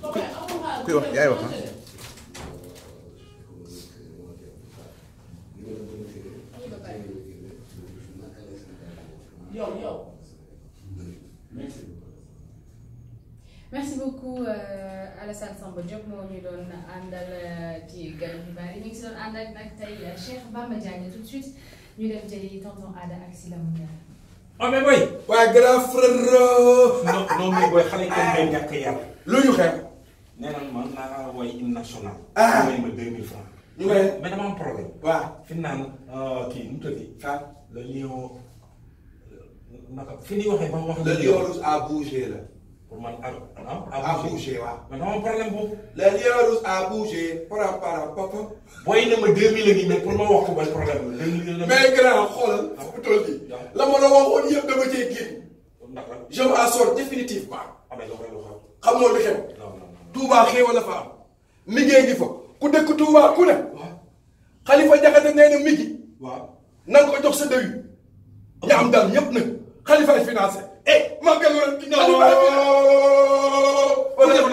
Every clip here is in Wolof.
kuy wax yaay wax ah. merci beaucoup euh, Alassane Samba Diop mo ñu doon andal euh, ci gan xibaar yi ñu ci si doon àndal nag tey euh, Cheikh Bamba Diagne tout de suite ñu dem jëli tonton Ada ak Sila Moungara. oh mais booy. wa grand frère. non non mais booy xalé ko kenn ngay ñàkk yàlla. lu ñu xeex. nee na man naa way hymne national. ah may ma deux mille francs. ñu koy mais dama am problème. waaw fi mu naan euh, kii nu mu tëddee. ah le lion euh, naka fi ñuy waxee ba mu wax. le lion rouge a la. pour man ar ah. a ah, ah, bougé waaw. mais dama am problème boobu. le lion rouge a bougé. para para papa. booy na ma deux mille la nii mais pour ma wax ko ba problème la. deux mille la mais grand xoolal. Ah. fu toll nii la ma la waxoon yëpp dama cee génn. je m'en sors définitivement. xam nga lu xew. Touba xéewal la fa am liggéey ngi fa ku dëkk Touba ku ne. waaw Khalifa Diakhaté nee na mi ngi. waaw na nga ko jox sa dëwi. ña am daal ñëpp nag Khalifa ay financé. eh màggal wala ki ñaaw Khalifa ay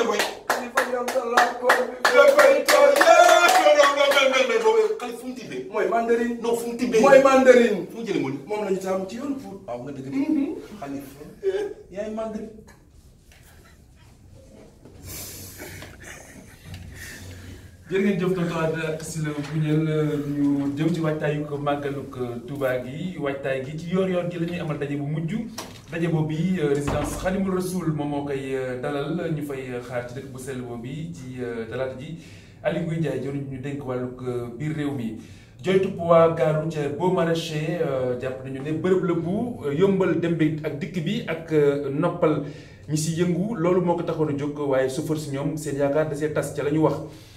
financé. mooy mandarine. non fu mu tibbee mooy mandarine. fu mu jëlee moom la ñu taamu ci yoon pour. waaw nga dëgg de. Khalifa yaay mandarine. jërë ngeen jëf ada ak si la buñel ñu jëm ci waajtaayu ko màggaluk Touba gi waajtaay gi ci yoor yoor gi la ñuy amal daje bu mujj daje boobu bi euh, résidence Xalimul Rasoul moom moo koy euh, dalal ñu fay euh, xaar ci dëkk bu sell boobu bi ci talaata ji Aliou Ngouye Ndiaye jëriñ ñu dénk wàllug biir réew mi joytu waa gaaru ca Beaux Maraîchers jàpp nañu ne bërëb la bu yombal dem ak dikk bi ak noppal ñi si yëngu loolu moo ko taxoon a jóg waaye si ñoom seen yaakaar da see tas ca la ñu wax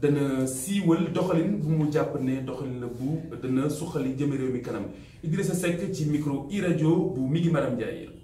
dana siiwal doxalin bu mu jàpp ne doxalin la bu dana suqali jëme réew mi kanam sa Seck ci micro i rajo bu mi ngi madame Ndiaye